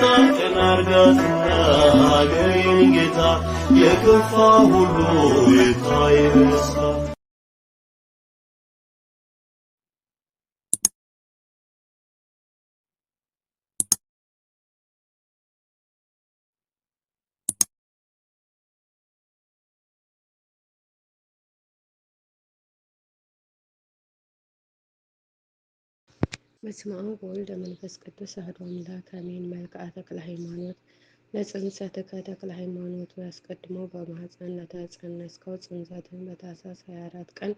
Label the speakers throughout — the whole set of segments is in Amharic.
Speaker 1: ቀን አርጋት ሀገሬን ጌታ የከፋ ሁሉ የታ በስመ አብ ወወልድ ወመንፈስ ቅዱስ አሐዱ አምላክ አሜን። መልክዓ ተክለ ሃይማኖት ለጽንሰትከ ተክለ ሃይማኖት አስቀድሞ በማኅፀን ለተጸነስከው ጽንሰትን በታኅሳስ 24 ቀን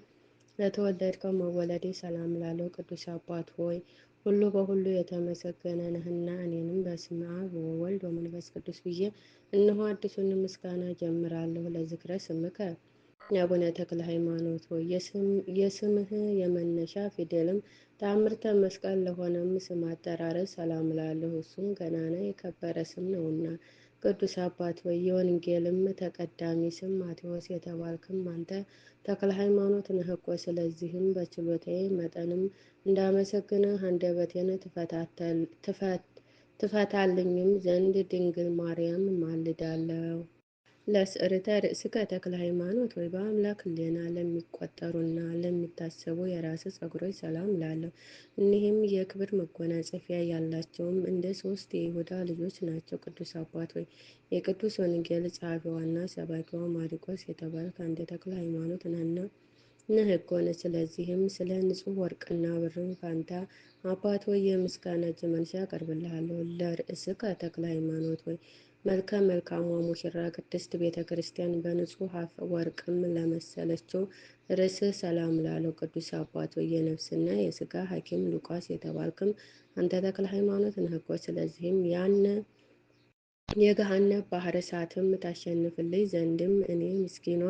Speaker 1: ለተወለድከው መወለዴ ሰላም ላለው ቅዱስ አባት ሆይ ሁሉ በሁሉ የተመሰገነ ነህና እኔንም በስመ አብ ወወልድ ወመንፈስ ቅዱስ ብዬ እነሆ አዲሱን ምስጋና ጀምራለሁ። ለዝክረ ስምከ አቡነ ተክለ ሃይማኖት ሆይ የስምህ የመነሻ ፊደልም ታምርተ መስቀል ለሆነም ስም አጠራረስ ሰላም ላለሁ እሱም ገናና የከበረ ስም ነውና። ቅዱስ አባት ወይ የወንጌልም ተቀዳሚ ስም ማቴዎስ የተባልክም አንተ ተክለ ሃይማኖት ነህ እኮ። ስለዚህም በችሎታዬ መጠንም እንዳመሰግንህ አንደበቴን ትፈታልኝም ዘንድ ድንግል ማርያም ማልዳለሁ። ለስዕርተ ርእስከ ተክለ ሃይማኖት ወይ በአምላክ ሕሊና ለሚቆጠሩና ለሚታሰቡ የራስ ጸጉሮች ሰላም ላለው። እኒህም የክብር መጎናጸፊያ ያላቸውም እንደ ሶስት የይሁዳ ልጆች ናቸው። ቅዱስ አባት ወይ የቅዱስ ወንጌል ጸሐፊዋና ሰባኪዋ ማሪቆስ የተባልክ አንድ ተክለ ሃይማኖት ነህና ነህ ኮነ ስለዚህም ስለ ንጹህ ወርቅና ብርን ፋንታ አባት ወይ የምስጋና እጅ መንሻ አቀርብልሃለሁ። ለርእስከ ተክለ ሃይማኖት ወይ መልከ መልካሟ ሙሽራ ቅድስት ቤተ ክርስቲያን በንጹሕ ወርቅም ለመሰለችው ርዕስህ ሰላም ላለው ቅዱስ አባት የነፍስና የስጋ ሐኪም ሉቃስ የተባልክም አንተ ተክለ ሃይማኖት ነህ ስለዚህም ያን የገሃነብ ባህረ እሳትም ታሸንፍልኝ ዘንድም እኔ ምስኪኗ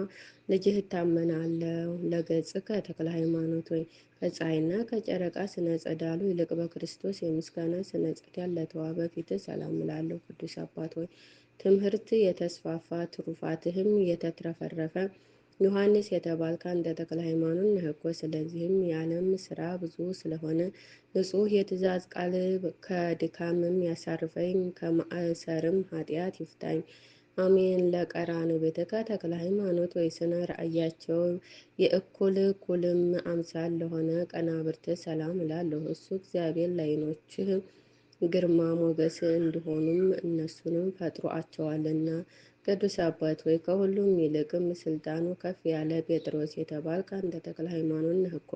Speaker 1: ልጅህ እታመናለሁ። ለገጽ ከተክለ ሃይማኖት ሆይ ከፀሐይና ከጨረቃ ስነ ጸዳሉ ይልቅ በክርስቶስ የምስጋና ስነ ጸዳል ለተዋበ ፊትህ ሰላም እላለሁ። ቅዱስ አባት ሆይ ትምህርት የተስፋፋ ትሩፋትህም የተትረፈረፈ ዮሐንስ የተባልክ አንተ ተክለ ሃይማኖት ነህ እኮ። ስለዚህም የዓለም ስራ ብዙ ስለሆነ ንጹህ የትእዛዝ ቃል ከድካምም ያሳርፈኝ፣ ከማእሰርም ኃጢአት ይፍታኝ። አሜን። ለቀራኑ ቤትከ ተክለ ሃይማኖት ስነ ራእያቸው የእኩል እኩልም አምሳል ለሆነ ቀናብርት ሰላም እላለሁ። እሱ እግዚአብሔር ላይኖችህ ግርማ ሞገስ እንዲሆኑም እነሱንም ፈጥሮአቸዋልና። ቅዱስ አባት ወይ ከሁሉም ይልቅም ስልጣኑ ከፍ ያለ ጴጥሮስ የተባልክ አንተ ተክለ ሃይማኖት ነህ እኮ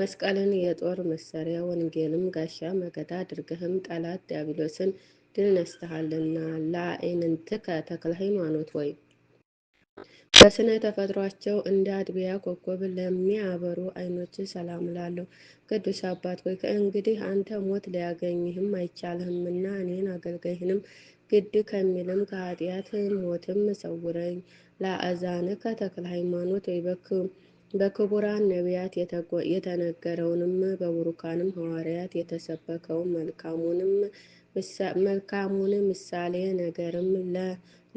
Speaker 1: መስቀልን የጦር መሳሪያ ወንጌልም ጋሻ መከታ አድርገህም ጠላት ዲያብሎስን ድል ነስተሃልና ለአይንንትከ ተክለ ሃይማኖት ወይ በስነ ተፈጥሯቸው እንደ አድቢያ ኮከብ ለሚያበሩ አይኖች ሰላም ላለሁ ቅዱስ አባት ወይ ከእንግዲህ አንተ ሞት ሊያገኝህም አይቻልህምና እኔን አገልጋይህንም ግድ ከሚልም ከኃጢአት ሞትም ሰውረኝ። ለአእዛንከ ተክለ ሃይማኖት በክቡራን ነቢያት የተነገረውንም በቡሩካንም ሐዋርያት የተሰበከውን መልካሙን ምሳሌ ነገርም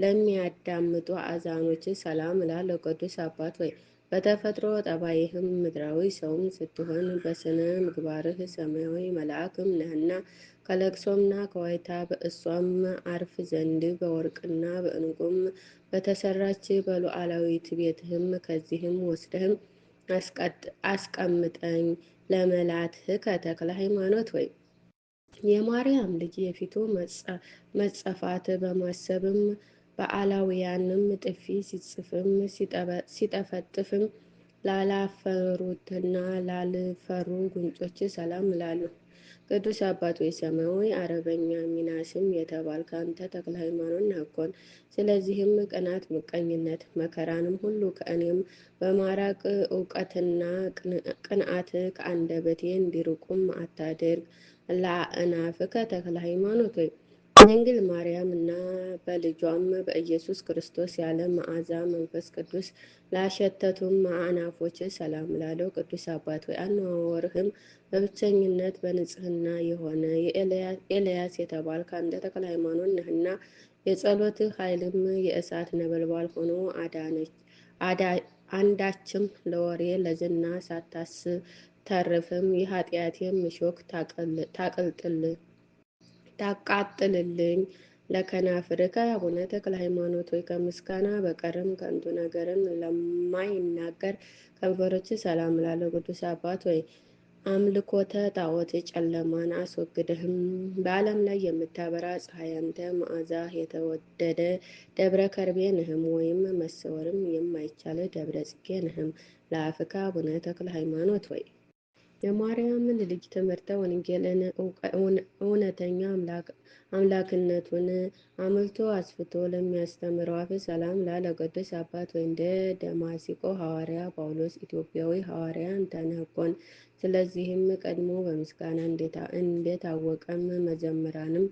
Speaker 1: ለሚያዳምጡ አዛኖች ሰላም እላለሁ። ቅዱስ አባት ወይ በተፈጥሮ ጠባይህም ምድራዊ ሰውም ስትሆን በስነ ምግባርህ ሰማያዊ መልአክም ነህና ከለቅሶምና ከዋይታ በእሷም አርፍ ዘንድ በወርቅና በእንቁም በተሰራች በሉዓላዊት ቤትህም ከዚህም ወስደህም አስቀምጠኝ ለመላትህ ከተክለ ሃይማኖት ወይ የማርያም ልጅ የፊቱ መጸፋት በማሰብም በአላውያንም ጥፊ ሲጽፍም ሲጠፈጥፍም ላላፈሩትና ላልፈሩ ጉንጮች ሰላም እላለሁ። ቅዱስ አባት ወይ ሰማያዊ አረበኛ ሚናስም የተባል ከአንተ ተክለ ሃይማኖት ነኮን። ስለዚህም ቅናት፣ ምቀኝነት፣ መከራንም ሁሉ ከእኔም በማራቅ እውቀትና ቅንአት ከአንደበቴ እንዲርቁም አታድርግ። ለአእናፍከ ተክለ ሃይማኖት ወይ ድንግል ማርያም እና በልጇም በኢየሱስ ክርስቶስ ያለ መዓዛ መንፈስ ቅዱስ ላሸተቱም አናፎች ሰላም ላለው ቅዱስ አባት ሆይ አነዋወርህም በብቸኝነት በንጽህና የሆነ የኤልያስ የተባልክ አንተ ተክለ ሃይማኖት ነህና የጸሎት ኃይልም የእሳት ነበልባል ሆኖ አዳነች አንዳችም ለወሬ ለዝና ሳታስተርፍም የኃጢአቴም እሾክ ታቅልጥልህ ታቃጥልልኝ ለከናፍርከ አቡነ ተክለ ሃይማኖት ወይ ከምስጋና በቀርም ከንቱ ነገርም ለማይናገር ከንፈሮች ሰላም ላለ ቅዱስ አባት ወይ አምልኮተ ጣዖት የጨለማን አስወግድህም በዓለም ላይ የምታበራ ፀሐይ አንተ የተወደደ ደብረ ከርቤ ንህም ወይም መሰወርም የማይቻል ደብረ ጽጌ ንህም ለአፍካ አቡነ ተክለ ሃይማኖት ወይ የማርያምን ልጅ ትምህርተ ወንጌልን እውነተኛ አምላክነቱን አምልቶ አስፍቶ ለሚያስተምረው አፈ ሰላም ላለ ቅዱስ አባት ወንደ ደማሲቆ ሐዋርያ ጳውሎስ ኢትዮጵያዊ ሐዋርያ እንተነኮን። ስለዚህም ቀድሞ በምስጋና እንደታወቀም መዘምራንም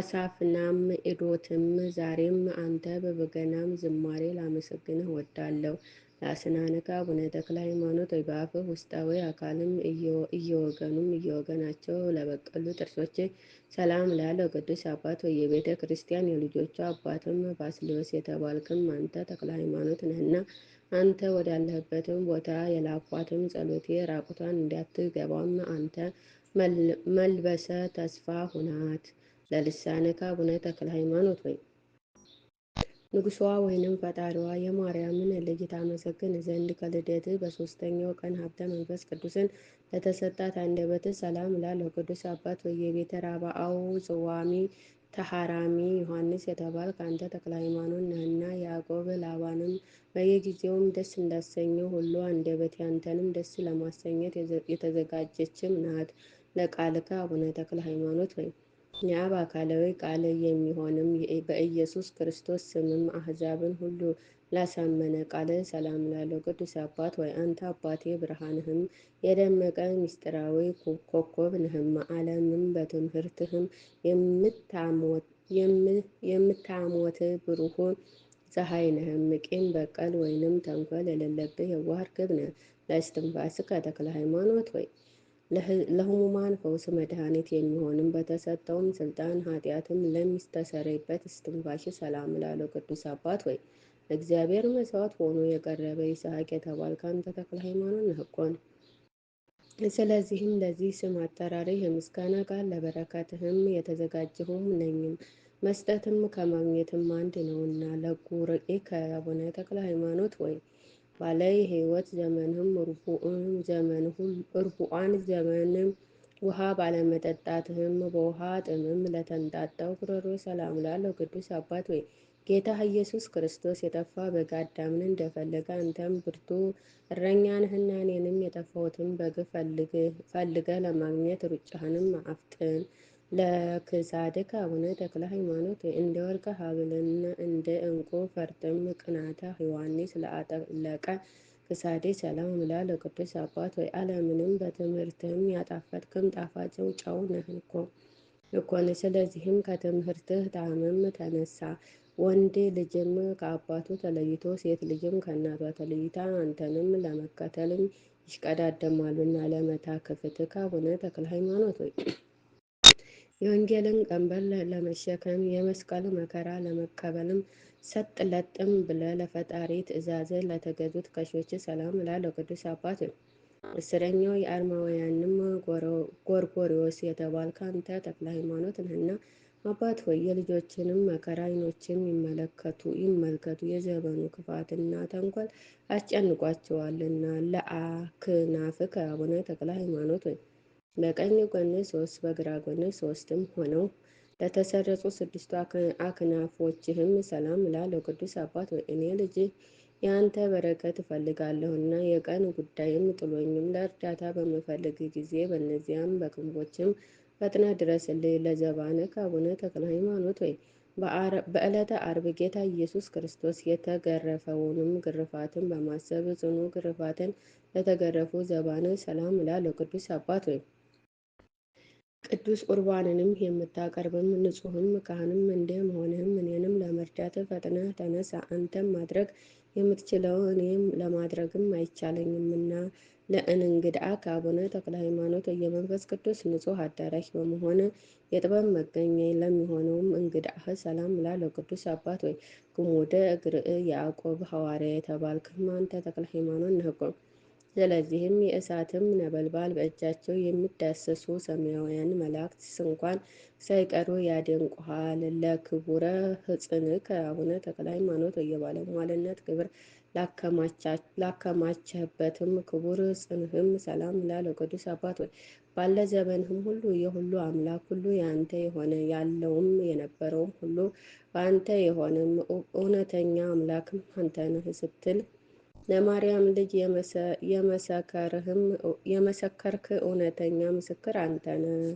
Speaker 1: አሳፍናም ኢዶትም ዛሬም አንተ በበገናም ዝማሬ ላመሰግንህ ወዳለሁ። አስናነካ አቡነ ተክለ ሃይማኖት ወይ በአፍ ውስጣዊ አካልም እየወገኑም እየወገናቸው ለበቀሉ ጥርሶች ሰላም ላለው ቅዱስ አባት ወይ የቤተ ክርስቲያን የልጆቹ አባትም ባስሊዮስ የተባልክም አንተ ተክለ ሃይማኖት ነህና አንተ ወዳለህበትም ቦታ የላኳትም ጸሎቴ ራቁቷን እንዳትገባም አንተ መልበሰ ተስፋ ሁናት ለልሳነካ አቡነ ተክለ ሃይማኖት ወይ ንጉሷ ወይንም ፈጣሪዋ የማርያምን ልጅ ታመሰግን ዘንድ ከልደት በሶስተኛው ቀን ሀብተ መንፈስ ቅዱስን ለተሰጣት አንደበት ሰላም ላለው ቅዱስ አባት በየቤተ ራባአው ጽዋሚ ተሐራሚ ዮሐንስ የተባል ከአንተ ተክለ ሃይማኖት ነህና ያዕቆብ ላባንም በየጊዜውም ደስ እንዳሰኘው ሁሉ አንደበት ያንተንም ደስ ለማሰኘት የተዘጋጀችም ናት። ለቃልከ አቡነ ተክለ ሃይማኖት ወይ እኛ በአካላዊ ቃል የሚሆንም በኢየሱስ ክርስቶስ ስምም አሕዛብን ሁሉ ላሳመነ ቃል ሰላም ላለው ቅዱስ አባት ወይ አንተ አባቴ ብርሃንህም የደመቀ ምስጢራዊ ኮከብ ንህም ዓለምም በትምህርትህም የምታሞት ብሩህ ፀሐይ ነህም። ቂም በቀል ወይንም ተንኮል የሌለብህ የዋህ ርግብ ነህ። ለእስትንፋስከ ተክለ ሃይማኖት ወይ ለህሙማን ፈውስ መድኃኒት የሚሆንም በተሰጠውም ስልጣን ኃጢአትም ለሚስተሰርይበት እስትንፋሽ ሰላም ላለው ቅዱስ አባት ወይ እግዚአብሔር መስዋዕት ሆኖ የቀረበ ይስሐቅ የተባልክ አንተ ተክለ ሃይማኖት ነህኮን። ስለዚህም ለዚህ ስም አጠራሪ የምስጋና ቃል ለበረከትህም የተዘጋጀሁም ነኝም መስጠትም ከማግኘትም አንድ ነውና ለጉ ርቄ ከአቡነ ተክለ ሃይማኖት ወይ ባለ ህይወት ዘመንም እርቡአን ዘመንም ውሃ ባለመጠጣትህም በውሃ ጥምም ለተንጣጣው ጉሮሮ ሰላም ላለው ቅዱስ አባት ወይ ጌታ ኢየሱስ ክርስቶስ የጠፋ በግ አዳምን እንደፈለገ አንተም ብርቱ እረኛ ነህና እኔንም የጠፋሁትን በግ ፈልገ ለማግኘት ሩጫህንም አፍጥን። ለክሳድከ አቡነ ተክለ ሃይማኖት እንደ ወርቀ ሀብልና እንደ እንቁ ፈርጥም ቅናተ ህዋኔ አጠለቀ ክሳዴ ሰላም ላ ለቅዱስ አባት ወይ ዓለምንም በትምህርትም ያጣፈጥክም ጣፋጭው ጨው ነህንኮ እኮን ስለዚህም ከትምህርትህ ታምም ተነሳ ወንድ ልጅም ከአባቱ ተለይቶ ሴት ልጅም ከእናቷ ተለይታ አንተንም ለመከተልም ይሽቀዳደማሉና ለመታ ክፍትከ አቡነ ተክለ ሃይማኖት ወይ የወንጌልን ቀንበር ለመሸከም የመስቀል መከራ ለመቀበልም ሰጥ ለጥም ብለ ለፈጣሪ ትእዛዝ ለተገዙት ከሾች ሰላም ላለው ቅዱስ አባት እስረኛው የአርማውያንም ጎርጎሪዎስ የተባልክ አንተ ተክለ ሃይማኖት ነህና፣ አባት ሆይ የልጆችንም መከራ አይኖችም ይመለከቱ ይመልከቱ የዘመኑ ክፋትና ተንኮል አስጨንቋቸዋልና። ለአክናፍከ አቡነ ተክለ ሃይማኖት ሆይ በቀኝ ጎን ሶስት በግራ ጎን ሶስትም ሆነው ለተሰረጹ ስድስቱ አክናፎችህም ሰላም እላለሁ ቅዱስ አባት ወይ እኔ ልጅ የአንተ በረከት እፈልጋለሁና የቀን ጉዳይም ጥሎኝም ለእርዳታ በምፈልግ ጊዜ በእነዚያም በክንቦችም ፈጥነ ድረስልኝ። ለዘባነ አቡነ ተክለ ሃይማኖት ወይ በዕለተ አርብ ጌታ ኢየሱስ ክርስቶስ የተገረፈውንም ግርፋትን በማሰብ ጽኑ ግርፋትን ለተገረፉ ዘባነ ሰላም እላለሁ ቅዱስ አባት ወይ ቅዱስ ቁርባንንም የምታቀርብም ንጹህም ካህንም እንደ መሆንህም እኔንም ለመርዳት ፈጥነህ ተነስ። አንተም ማድረግ የምትችለው እኔም ለማድረግም አይቻለኝምና ለእንግድአ ከአቡነ ተክለ ሃይማኖት የመንፈስ ቅዱስ ንጹህ አዳራሽ በመሆን የጥበብ መገኛ ለሚሆነውም እንግዳህ ሰላም ላለው ቅዱስ አባት ወይ ግሙደ እግርእ ያዕቆብ ሐዋርያ የተባልክም አንተ ተክለ ሃይማኖት ነህ። ስለዚህም የእሳትም ነበልባል በእጃቸው የሚዳሰሱ ሰማያውያን መላእክት እንኳን ሳይቀሩ ያደንቁሃል። ለክቡረ ህጽን አቡነ ተክለ ሃይማኖት የባለሟልነት ክብር ላከማቸህበትም ክቡር ጽንህም ሰላም ላለ ቅዱስ አባት ወይ ባለ ዘመንህም ሁሉ የሁሉ አምላክ ሁሉ የአንተ የሆነ ያለውም የነበረውም ሁሉ በአንተ የሆነም እውነተኛ አምላክም አንተ ነህ ስትል ለማርያም ልጅ የመሰከርክ እውነተኛ ምስክር አንተ ነህ።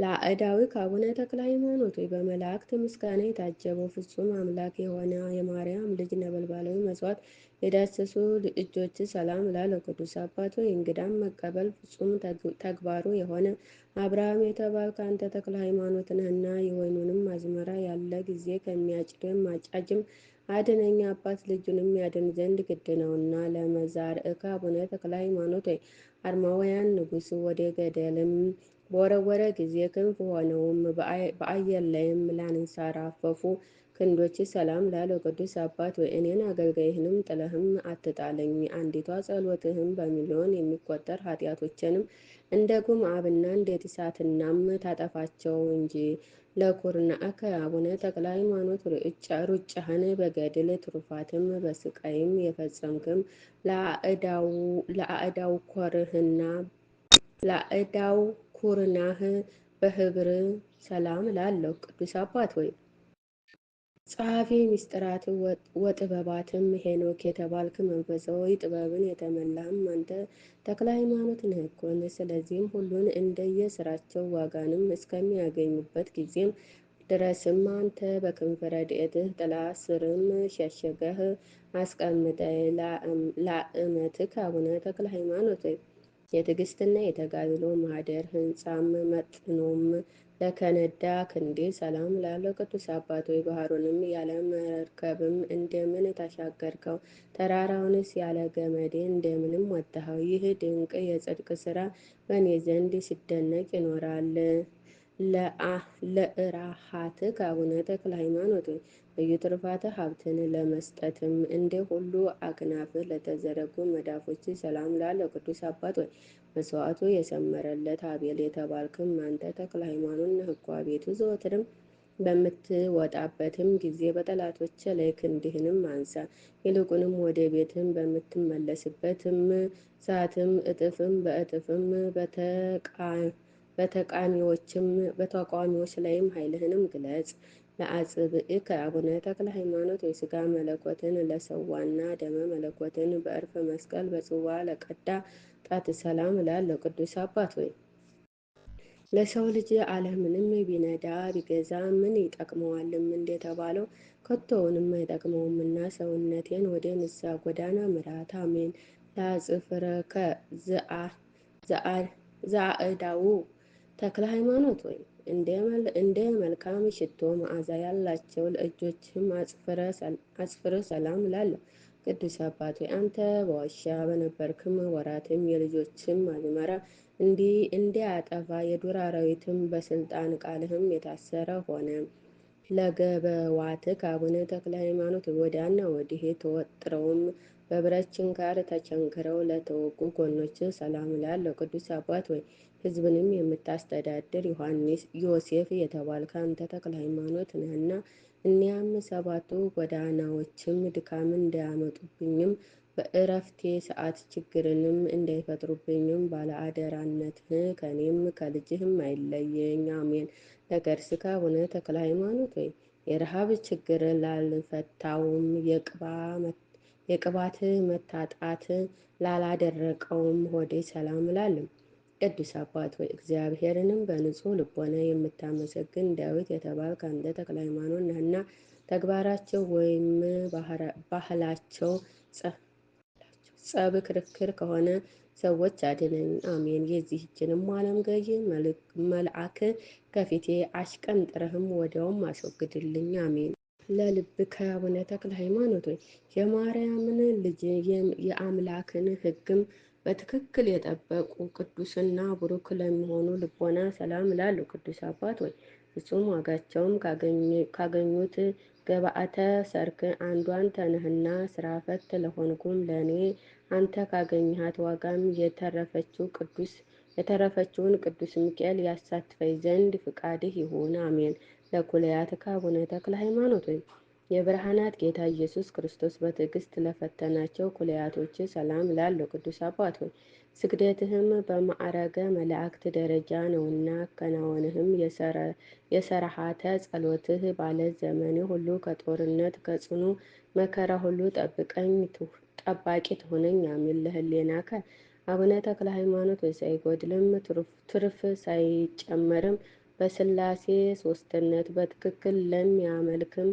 Speaker 1: ለአእዳዊ ከአቡነ ተክለ ሃይማኖት ወይ በመላእክት ምስጋና የታጀበው ፍጹም አምላክ የሆነ የማርያም ልጅ ነበልባላዊ መስዋዕት የዳሰሱ እጆች ሰላም ላለው ቅዱስ አባት ወይ እንግዳም መቀበል ፍጹም ተግባሩ የሆነ አብርሃም የተባል ከአንተ ተክለ ሃይማኖት ነህና የወይኑንም አዝመራ ያለ ጊዜ ከሚያጭድም አጫጅም አድነኛ አባት ልጁን የሚያድን ዘንድ ግድ ነውና። ለመዛር እከ አቡነ ተክለ ሃይማኖት አርማውያን ንጉሥ ወደ ገደልም በወረወረ ጊዜ ክንፍ ሆነውም በአየር ላይም ላንሰራፈፉ ክንዶች ሰላም ላለ ቅዱስ አባት ወይ እኔን አገልጋይህንም ጥለህም አትጣለኝ። አንዲቷ ጸሎትህም በሚሊዮን የሚቆጠር ኃጢአቶችንም እንደ ጉም አብና እንደ እሳትናም ታጠፋቸው እንጂ ለኩርናዕከ አቡነ ተክለ ሃይማኖት ሩጫህን በገድል ትሩፋትም በስቃይም የፈጸምክም ለአእዳው ኮርህና ለአእዳው ኩርናህ በህብር ሰላም ላለሁ ቅዱስ አባት ወይ ጸሐፊ ምስጢራት ወጥበባትም ሄኖክ የተባልክ መንፈሳዊ ጥበብን የተመላም አንተ ተክለ ሃይማኖት ነህኮን። ስለዚህም ሁሉን እንደየስራቸው ዋጋንም እስከሚያገኙበት ጊዜም ድረስም አንተ በክንፈ ረድኤትህ ጥላ ስርም ሸሸገህ አስቀምጠ ለአእመትህ አቡነ ተክለ ሃይማኖት የትዕግስትና የተጋድሎ ማህደር ህንፃም መጥኖም ለከነዳ ክንዴ ሰላም ላለው ቅዱስ አባት ሆይ ባህሩንም ያለ መርከብም እንደምን ተሻገርከው? ተራራውንስ ያለ ገመዴ እንደምንም ወጣኸው? ይህ ድንቅ የጽድቅ ስራ በእኔ ዘንድ ሲደነቅ ይኖራል። ለእራሃት አቡነ ተክለ ሃይማኖት ወይ ልዩ ሀብትን ለመስጠትም እንደ ሁሉ አክናፍ ለተዘረጉ መዳፎች ሰላም ላለ ቅዱስ አባት ወይ መስዋዕቱ የሰመረለት አቤል የተባልክም አንተ ተክለ ሃይማኖት ነህኳ። ቤቱ ዘወትርም በምትወጣበትም ጊዜ በጠላቶች ላይ ክንድህንም አንሳ። ይልቁንም ወደ ቤትም በምትመለስበትም ሰዓትም እጥፍም በእጥፍም በተቃ በተቃሚዎችም በተቃዋሚዎች ላይም ኃይልህንም ግለጽ። ለአጽብእከ አቡነ ተክለ ሃይማኖት የሥጋ መለኮትን ለሰዋና ደመ መለኮትን በእርፈ መስቀል በጽዋ ለቀዳ ጣት ሰላም ላለው ቅዱስ አባት ሆይ ለሰው ልጅ ዓለምንም ቢነዳ ቢገዛ ምን ይጠቅመዋልም እንደተባለው ከቶውንም አይጠቅመውምና ሰውነቴን ወደ ንስሐ ጎዳና ምራት። አሜን። ለአጽፍረከ ዘአእዳው ተክለ ሃይማኖት ወይ እንደ መልካም ሽቶ መዓዛ ያላቸው ለእጆችም አጽፍረ ሰላም ላለ ቅዱስ አባት ወይ አንተ በዋሻ በነበርክም ወራትም የልጆችም አዝመራ እንዲያጠፋ የዱር አራዊትም በስልጣን ቃልህም የታሰረ ሆነ። ለገበዋትክ አቡነ ተክለ ሃይማኖት ወዲያና ወዲህ ተወጥረውም በብረት ችንካር ተቸንክረው ለተወጉ ጎኖች ሰላም ላለው ቅዱስ አባት ወይ ህዝብንም የምታስተዳድር ዮሴፍ የተባልክ አንተ ተክለ ሃይማኖት ነህና እኒያም ሰባቱ ጎዳናዎችም ድካም እንዳያመጡብኝም በእረፍቴ ሰዓት ችግርንም እንዳይፈጥሩብኝም ባለ አደራነትህ ከኔም ከልጅህም አይለየኝ፣ አሜን። ለገርስካ አቡነ ተክለ ሃይማኖት ወይ የረሃብ ችግር ላልፈታውም የቅባት መታጣት ላላደረቀውም ሆዴ ሰላም እላለሁ። ቅዱስ አባት ሆይ እግዚአብሔርንም በንጹሕ ልቦና የምታመሰግን ዳዊት የተባልክ አንተ ተክለ ሃይማኖት ነህና ተግባራቸው ወይም ባህላቸው ጸብ፣ ክርክር ከሆነ ሰዎች አድነን፣ አሜን። የዚህችንም ዓለም ገዢ መልአክ ከፊቴ አሽቀንጥረህም ወዲያውም አስወግድልኝ፣ አሜን። ለልብ ከአቡነ ተክለ ሃይማኖት ሆይ የማርያምን ልጅ የአምላክን ሕግም በትክክል የጠበቁ ቅዱስና ብሩክ ለሚሆኑ ልቦና ሰላም ላሉ ቅዱስ አባት ወይ ፍጹም ዋጋቸውም ካገኙት ገባአተ ሰርክ አንዷን ተነህና ስራ ፈት ለሆንኩም ለእኔ አንተ ካገኘሃት ዋጋም የተረፈችው ቅዱስ የተረፈችውን ቅዱስ ሚካኤል ያሳትፈኝ ዘንድ ፍቃድህ ይሁን አሜን። ለኩለያትከ አቡነ ተክለ ሃይማኖት ወይ የብርሃናት ጌታ ኢየሱስ ክርስቶስ በትዕግስት ለፈተናቸው ኩልያቶች ሰላም ላሉ ቅዱስ አባት ሆይ ስግደትህም በማዕረገ መላእክት ደረጃ ነውና አከናወንህም የሰራሃተ ጸሎትህ ባለ ዘመን ሁሉ ከጦርነት ከጽኑ መከራ ሁሉ ጠብቀኝ ጠባቂ ትሆነኝ አሚን። ከ አቡነ ተክለ ሃይማኖት ሳይጎድልም ትርፍ ሳይጨመርም በስላሴ ሶስትነት በትክክል ለሚያመልክም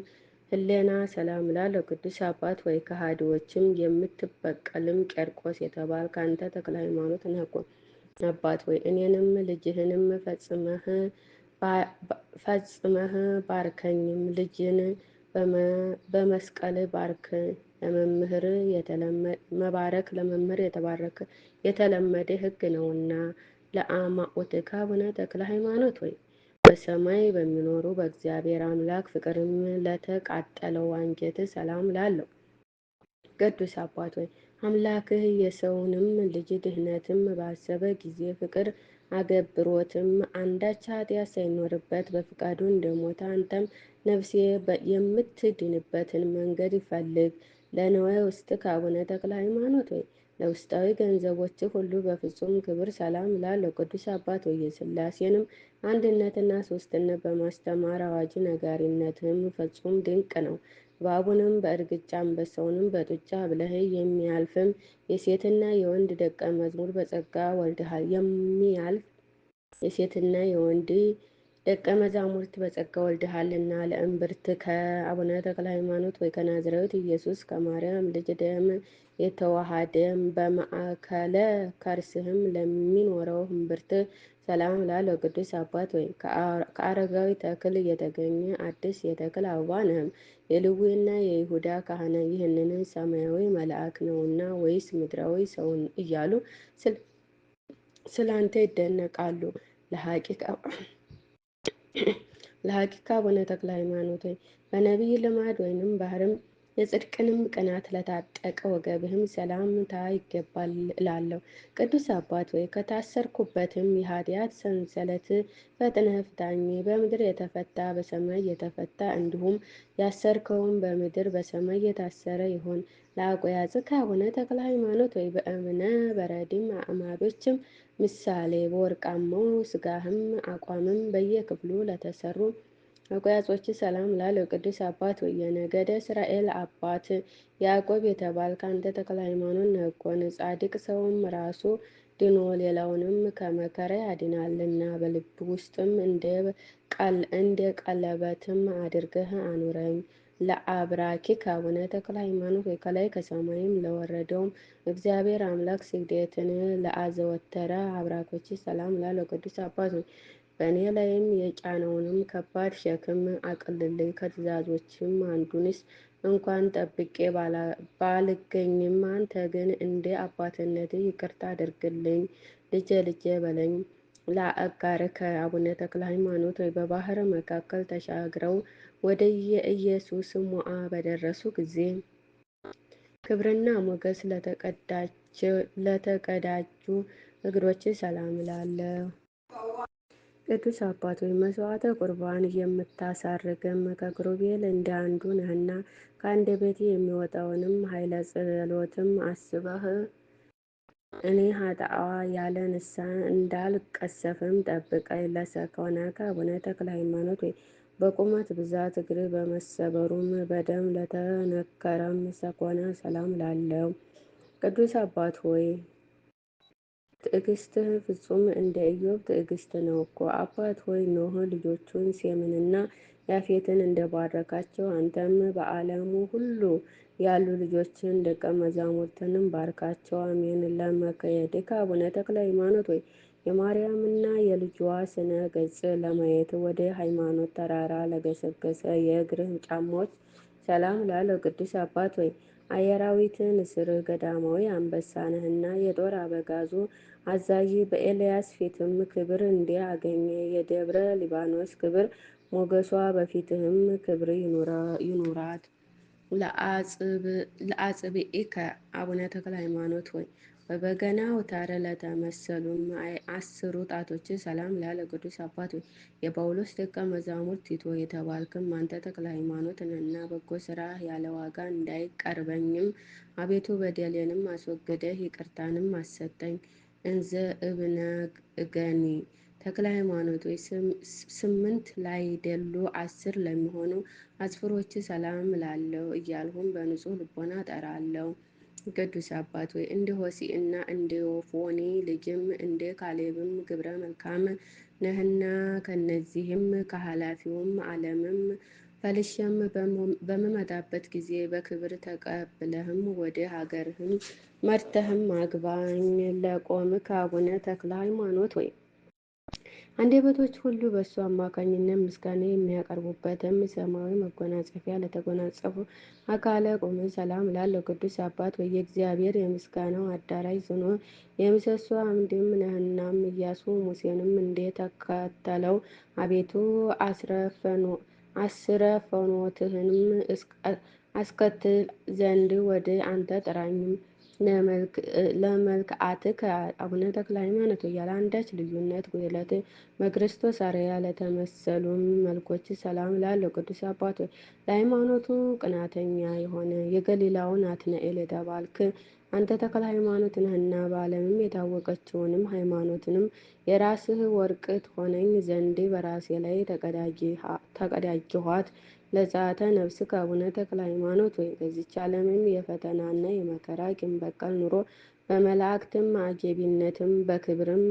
Speaker 1: ህሌና ሰላም ላለ ቅዱስ አባት ወይ ከሃዲዎችም የምትበቀልም ቄርቆስ የተባል ከአንተ ተክለ ሃይማኖት ነህ። አባት ወይ እኔንም ልጅህንም ፈጽመህ ባርከኝም ልጅን በመስቀል ባርክ። ለመምህር መባረክ ለመምህር የተባረክ የተለመደ ህግ ነውና። ለአማኦት ካቡነ ተክለ ሃይማኖት ወይ በሰማይ በሚኖሩ በእግዚአብሔር አምላክ ፍቅርም ለተቃጠለው አንጀት ሰላም ላለው ቅዱስ አባት ወይ አምላክህ የሰውንም ልጅ ድህነትም ባሰበ ጊዜ ፍቅር አገብሮትም አንዳች ኃጢአት ሳይኖርበት በፍቃዱ እንደሞተ አንተም ነፍሴ የምትድንበትን መንገድ ይፈልግ ለነዌ ውስጥ ከአቡነ ተክለ ሃይማኖት ወይ ለውስጣዊ ገንዘቦች ሁሉ በፍጹም ክብር ሰላም ላለው ቅዱስ አባት ወየ ስላሴንም አንድነትና ሶስትነት በማስተማር አዋጅ ነጋሪነትም ፍጹም ድንቅ ነው። እባቡንም በእርግጫ አንበሳውንም በጡጫ ብለህ የሚያልፍም የሴትና የወንድ ደቀ መዝሙር በጸጋ ወልድሃል የሚያልፍ የሴትና የወንድ ደቀ መዛሙርት በጸጋ ወልድሃልና ለእምብርት ከአቡነ ተክለ ሃይማኖት ወይ ከናዝሬዎት ኢየሱስ ከማርያም ልጅ ደም የተዋሃደም በማዕከለ ከርስህም ለሚኖረው እምብርት ሰላም ላለው ቅዱስ አባት ወይ ከአረጋዊ ተክል የተገኘ አዲስ የተክል አበባ ነህም የልዊና የይሁዳ ካህነ ይህንን ሰማያዊ መልአክ ነውና ወይስ ምድራዊ ሰውን እያሉ ስላንተ ይደነቃሉ ለሐቂቅ ለሐቂቃ በሆነ ተክለ ሃይማኖት ወይ በነቢይ ልማድ ወይንም ባህርም የጽድቅንም ቅናት ለታጠቀ ወገብህም ሰላምታ ይገባል እላለሁ። ቅዱስ አባት ወይ ከታሰርኩበትም የኃጢአት ሰንሰለት ፈጥነህ ፍታኝ። በምድር የተፈታ በሰማይ የተፈታ እንዲሁም ያሰርከውን በምድር በሰማይ የታሰረ ይሆን ለአቆያጽ ከሆነ ተክለ ሃይማኖት ወይ በእምነ በረድም አእማዶችም ምሳሌ በወርቃማው ስጋህም አቋምም በየክፍሉ ለተሰሩ መጓያጾች ሰላም ላለው ቅዱስ አባት ወይ የነገደ እስራኤል አባት ያዕቆብ የተባልከ አንተ ተክለ ሃይማኖት ነጎን ጻድቅ ሰውም ራሱ ድኖ ሌላውንም ከመከራ ያድናልና በልብ ውስጥም እንደ ቀለበትም አድርገህ አኑረኝ። ለአብራኪ አቡነ ተክለ ሃይማኖት ወይ ከላይ ከሰማይም ለወረደውም እግዚአብሔር አምላክ ስግደትን ለአዘወተረ አብራኮች ሰላም ላለው ቅዱስ አባት ነው። በእኔ ላይም የጫነውንም ከባድ ሸክም አቅልልኝ። ከትእዛዞችም አንዱንስ እንኳን ጠብቄ ባልገኝም፣ አንተ ግን እንደ አባትነት ይቅርታ አድርግልኝ፣ ልጄ ልጄ በለኝ። ለአጋር ከአቡነ ተክለ ሃይማኖት በባህር መካከል ተሻግረው ወደ የኢየሱስ ሞአ በደረሱ ጊዜ ክብርና ሞገስ ለተቀዳጁ እግሮች ሰላም እላለሁ። ቅዱስ አባት ሆይ መስዋዕተ ቁርባን የምታሳርግም ከኪሩቤል እንደ አንዱ ነህና ከአንደበቴ የሚወጣውንም ኃይለ ጸሎትም አስበህ እኔ ኃጥአዋ ያለ ንሳ እንዳልቀሰፍም ጠብቀኝ። ለሰኮናከ አቡነ ተክለ ሃይማኖት ወይ በቁመት ብዛት እግር በመሰበሩም በደም ለተነከረም ሰኮና ሰላም ላለው ቅዱስ አባት ሆይ ትዕግስትህ ፍጹም እንደ ኢዮብ ትዕግስት ነው እኮ። አባት ሆይ ኖህ ልጆቹን ሴምንና ያፌትን እንደባረካቸው አንተም በዓለሙ ሁሉ ያሉ ልጆችን ደቀ መዛሙርትንም ባርካቸው። አሜን። ለመከየድከ አቡነ ተክለ ሃይማኖት ወይ የማርያምና የልጇ ስነ ገጽ ለማየት ወደ ሃይማኖት ተራራ ለገሰገሰ የእግርህ ጫማዎች ሰላም ላለው ቅዱስ አባት ወይ አየራዊትን ንስርህ ገዳማዊ አንበሳ ነህና የጦር አበጋዙ አዛዥ በኤልያስ ፊትም ክብር እንዲያገኘ አገኘ። የደብረ ሊባኖስ ክብር ሞገሷ በፊትህም ክብር ይኑራት። ለአጽብኢከ አቡነ ተክለ ሃይማኖት ሆይ በበገናው ታረ ለተመሰሉ አስሩ ጣቶች ሰላም ላለ ቅዱስ አባት ሆይ የጳውሎስ ደቀ መዛሙር ቲቶ የተባልክም አንተ ተክለ ሃይማኖትን እና በጎ ስራ ያለ ዋጋ እንዳይቀርበኝም አቤቱ በደሌንም አስወግደህ ይቅርታንም አሰጠኝ። እንዘ እብነ እገኒ ተክለ ሃይማኖት ወይ ስምንት ላይ ደሉ አስር ለሚሆኑ አስፍሮች ሰላም ላለው እያልሁም በንጹህ ልቦና ጠራለው። ቅዱስ አባት ሆይ እንደ ሆሲ እና እንደ ወፎኒ ልጅም እንደ ካሌብም ግብረ መልካም ነህና ከነዚህም ከኃላፊውም ዓለምም ፈልሸም በምመጣበት ጊዜ በክብር ተቀብለህም ወደ ሀገርህም መርተህም አግባኝ። ለቆምከ አቡነ ተክለ ሃይማኖት ወይ አንደበቶች ሁሉ በእሱ አማካኝነት ምስጋና የሚያቀርቡበት ሰማያዊ መጎናጸፊያ ለተጎናጸፉ አካለ ቁም ሰላም ላለው ቅዱስ አባት በየእግዚአብሔር የምስጋናው አዳራሽ ዝኖ የምሰሶ አምድም ነህናም እያሱ ሙሴንም እንዴት ተከተለው አቤቱ አስረፈኖ አስረፈኖትህንም አስከትል ዘንድ ወደ አንተ ጥራኝም ለመልክአትከ አቡነ ተክለ ሃይማኖት እያለ አንዳች ልዩነት ጉድለት በክርስቶስ አርያ ለተመሰሉ መልኮች ሰላም ላለው ቅዱስ አባት ለሃይማኖቱ ቅናተኛ የሆነ የገሊላውን አትናኤል የተባልክ አንተ ተክለ ሃይማኖት ነህና በዓለምም የታወቀችውንም ሃይማኖትንም የራስህ ወርቅ ትሆነኝ ዘንድ በራሴ ላይ ተቀዳጅኋት ለፀዓተ ነፍስ አቡነ ተክለ ሃይማኖት ወይ በዚች ዓለምም የፈተናና የመከራ ቂም በቀል ኑሮ በመላእክትም አጀቢነትም በክብርም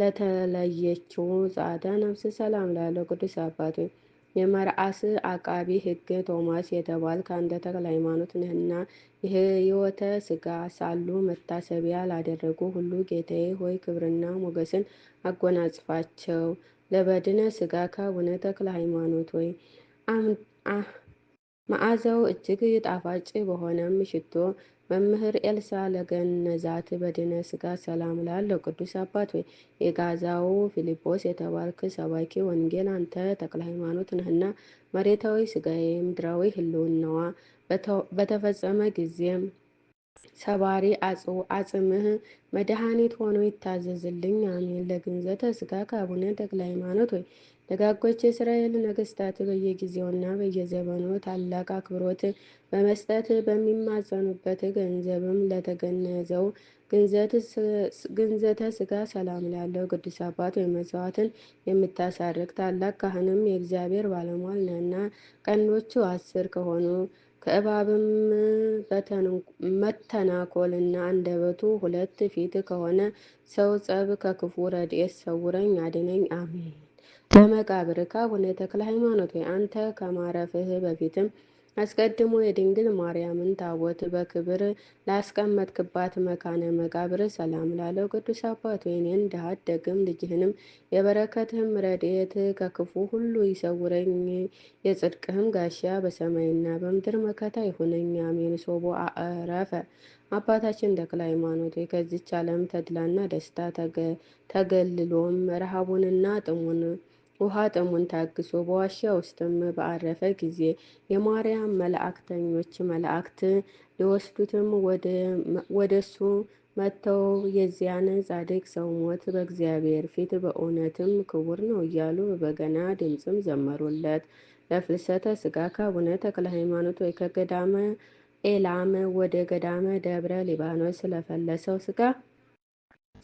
Speaker 1: ለተለየችው ፀዓተ ነፍስ ሰላም ላለው ቅዱስ አባት የመርአስ የመርዓስ አቃቢ ሕግ ቶማስ የተባል አንተ ተክለ ሃይማኖት ነህና የህይወተ ስጋ ሳሉ መታሰቢያ ላደረጉ ሁሉ ጌታዬ ሆይ ክብርና ሞገስን አጎናጽፋቸው። ለበድነ ስጋ ከአቡነ ተክለ ሃይማኖት ወይ መዓዛው እጅግ ጣፋጭ በሆነም ሽቶ መምህር ኤልሳ ለገነዛት በድነ ሥጋ ሰላም ላለው ቅዱስ አባት ወይ የጋዛው ፊልጶስ የተባርክ ሰባኪ ወንጌል አንተ ተክለ ሃይማኖት ነህና መሬታዊ ሥጋዬ ምድራዊ ህልውናዋ በተፈጸመ ጊዜም ሰባሪ አጽምህ መድኃኒት ሆኖ ይታዘዝልኝ። አሜን። ለግንዘተ ስጋ ከአቡነ ተክለ ሃይማኖት ሆይ ደጋጎች የእስራኤል ነገስታት በየጊዜውና በየዘመኑ ታላቅ አክብሮት በመስጠት በሚማጸኑበት ገንዘብም ለተገነዘው ግንዘተ ስጋ ሰላም ላለው ቅዱስ አባት ወይ መሥዋዕትን የምታሳርግ ታላቅ ካህንም የእግዚአብሔር ባለሟል ነና ቀኖቹ አስር ከሆኑ ከእባብም መተናኮልና አንደበቱ ሁለት ፊት ከሆነ ሰው ጸብ ከክፉ ረድኤት ሰውረኝ አድነኝ፣ አሜን። በመቃብርከ አቡነ ተክለ ሃይማኖት ወይ አንተ ከማረፍህ በፊትም አስቀድሞ የድንግል ማርያምን ታቦት በክብር ላስቀመጥክባት መካነ መቃብር ሰላም ላለው ቅዱስ አባት ወይኔን ድሃት ደግም ልጅህንም የበረከትህም ረድኤት ከክፉ ሁሉ ይሰውረኝ። የጽድቅህም ጋሻ በሰማይና በምድር መከታ ይሁነኝ። አሜን። ሶቦ አረፈ አባታችን ተክለ ሃይማኖት ከዚች ዓለም ተድላና ደስታ ተገልሎም ረሃቡንና ጥሙን ውሃ ጥሙን ታግሶ በዋሻ ውስጥም በአረፈ ጊዜ የማርያም መላእክተኞች መላእክት ሊወስዱትም ወደ እሱ መጥተው የዚያን ጻድቅ ሰው ሞት በእግዚአብሔር ፊት በእውነትም ክቡር ነው እያሉ በበገና ድምፅም ዘመሩለት። ለፍልሰተ ስጋ ከአቡነ ተክለ ሃይማኖት ወይ ከገዳመ ኤላም ወደ ገዳመ ደብረ ሊባኖስ ስለፈለሰው ስጋ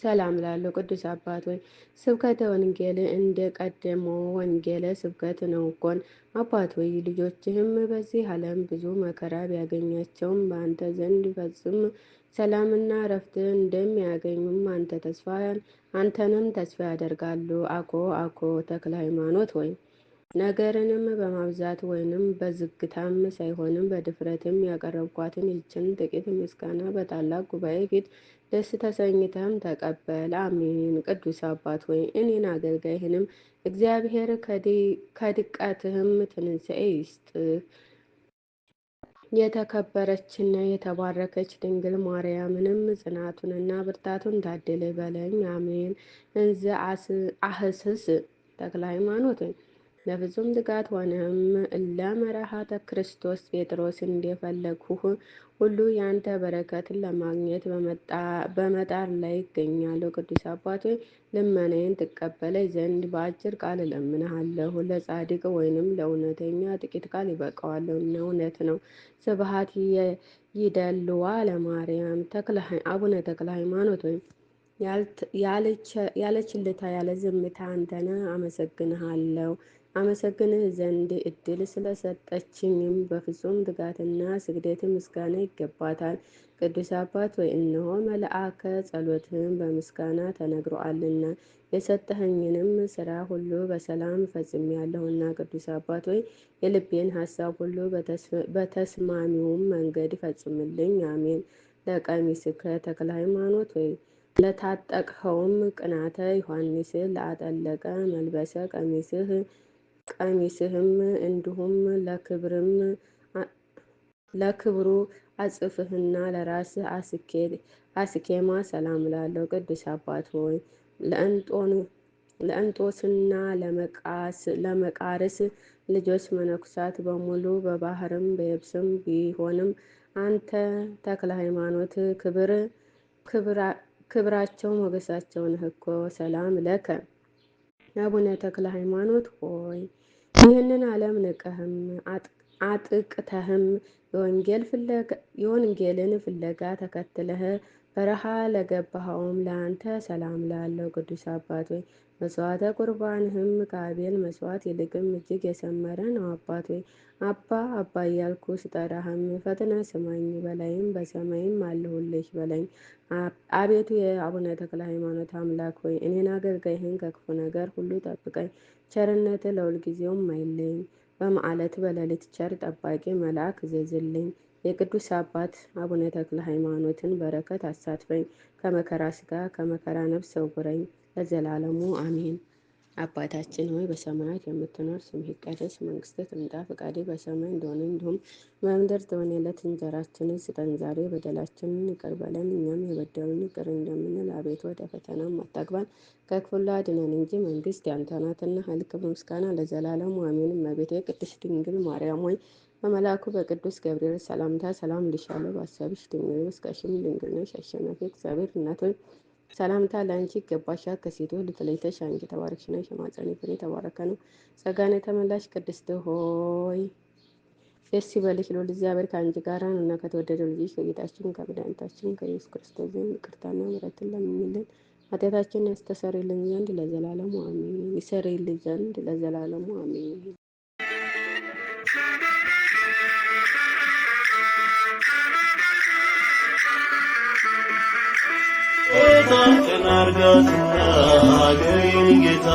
Speaker 1: ሰላም ላለው ቅዱስ አባት ወይ ስብከተ ወንጌል እንደ ቀደመው ወንጌለ ስብከት ነው እኮን አባት ወይ ልጆችህም በዚህ ዓለም ብዙ መከራ ቢያገኛቸውም በአንተ ዘንድ ፈጽም ሰላምና እረፍት እንደሚያገኙም አንተ ተስፋ አንተንም ተስፋ ያደርጋሉ። አኮ አኮ ተክለ ሃይማኖት ወይ ነገርንም በማብዛት ወይንም በዝግታም ሳይሆንም በድፍረትም ያቀረብኳትን ይችን ጥቂት ምስጋና በታላቅ ጉባኤ ፊት ደስ ተሰኝተም ተቀበል አሜን። ቅዱስ አባት ወይ እኔን አገልጋይህንም እግዚአብሔር ከድቀትህም ትንሣኤ ይስጥህ። የተከበረችና የተባረከች ድንግል ማርያምንም ጽናቱንና ብርታቱን ታድልህ በለኝ አሜን። እንዘ አህስስ ተክለ ሃይማኖትን ለፍጹም ትጋት ሆነም ለመርሃተ ክርስቶስ ጴጥሮስ እንደፈለግሁ ሁሉ ያንተ በረከትን ለማግኘት በመጣር ላይ ይገኛሉ። ቅዱስ አባቶ ልመናዬን ትቀበለኝ ዘንድ በአጭር ቃል እለምንሃለሁ። ለጻድቅ ወይንም ለእውነተኛ ጥቂት ቃል ይበቃዋለሁና እውነት ነው። ስብሐት ይደልዋ ለማርያም አቡነ ተክለ ሃይማኖት ወይም ያለ ያለ ዝምታ አንተን አመሰግንሃለሁ። አመሰግንህ ዘንድ እድል ስለሰጠችኝም በፍጹም ትጋትና ስግደት ምስጋና ይገባታል። ቅዱስ አባት ወይ እነሆ መልአከ ጸሎትህን በምስጋና ተነግሮአልና የሰጠኸኝንም ስራ ሁሉ በሰላም ፈጽሜያለሁና። ቅዱስ አባት ወይ የልቤን ሀሳብ ሁሉ በተስማሚውም መንገድ ፈጽምልኝ፣ አሜን። ለቀሚስከ ተክለ ሃይማኖት ወይ ለታጠቅኸውም ቅናተ ዮሐንስ ለአጠለቀ መልበሰ ቀሚስህ ቀሚስህም እንዲሁም ለክብርም ለክብሩ አጽፍህና ለራስ አስኬማ ሰላም ላለው ቅዱስ አባት ሆይ ለእንጦስና ለመቃርስ ልጆች መነኩሳት በሙሉ በባህርም በየብስም ቢሆንም አንተ ተክለ ሃይማኖት ክብር ክብራቸው ሞገሳቸውን ህኮ ሰላም ለከ የአቡነ ተክለ ሃይማኖት ሆይ ይህንን ዓለም ንቀህም አጥቅተህም የወንጌልን ፍለጋ ተከትለህ በረሃ ለገባኸውም ለአንተ ሰላም ላለው ቅዱስ አባት ሆይ መስዋዕተ ቁርባንህም ከአቤል መስዋዕት ይልቅም እጅግ የሰመረ ነው። አባት ወይ አባ አባ እያልኩ ስጠራህም ፈጥነ ስማኝ በላይም በሰማይም አለሁልሽ በለኝ። አቤቱ የአቡነ ተክለ ሃይማኖት አምላክ ሆይ እኔን አገልጋይህን ከክፉ ነገር ሁሉ ጠብቀኝ። ቸርነት ለሁልጊዜውም አይለኝ። በመዓለት በሌሊት ቸር ጠባቂ መልአክ እዘዝልኝ። የቅዱስ አባት አቡነ ተክለ ሃይማኖትን በረከት አሳትፈኝ። ከመከራ ስጋ ከመከራ ነፍስ ሰውረኝ። ለዘላለሙ አሜን። አባታችን ሆይ በሰማያት የምትኖር ስምህ ይቀደስ፣ መንግስትህ ትምጣ፣ ፈቃድህ በሰማይ እንደሆነ እንዲሁም በምድር ትሁንልን። እንጀራችንን ስጠን ዛሬ፣ በደላችንን ይቅር በለን እኛም የበደሉንን ይቅር እንደምንል፣ አቤት ወደ ፈተና አታግባን ከክፉሉ አድነን እንጂ መንግስት ያንተ ናትና፣ ኃይል፣ ክብር፣ ምስጋና ለዘላለሙ አሜን። እመቤቴ ቅድስት ድንግል ማርያም ሆይ በመልአኩ በቅዱስ ገብርኤል ሰላምታ ሰላም ልሻለሁ። በአሳብሽ ድንግል ነሽ፣ ከስጋሽም ድንግል ነሽ። አሸናፊ እግዚአብሔር እናት ሆይ ሰላምታ ለአንቺ ይገባሻል፣ ከሴቶች ልትለይተሽ አንቺ የተባረክሽ ነሽ፣ የማኅፀንሽ ፍሬ የተባረከ ነው። ጸጋን የተመላሽ ቅድስት ሆይ ደስ ይበልሽ፣ ልዑል እግዚአብሔር ከአንቺ ጋራ ነው እና ከተወደደው ልጅሽ ከጌታችን ከመድኃኒታችን ከኢየሱስ ክርስቶስ ዘንድ ይቅርታና ምሕረትን ለምኝልን ኃጢአታችንን ያስተሰርይልን ዘንድ ለዘላለሙ አሜን። ይሰረይልን ዘንድ ለዘላለሙ አሜን። ጌታ ተናርጋትና አገኝ ጌታ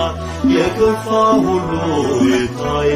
Speaker 1: የክፋ ሁሉ ይታይ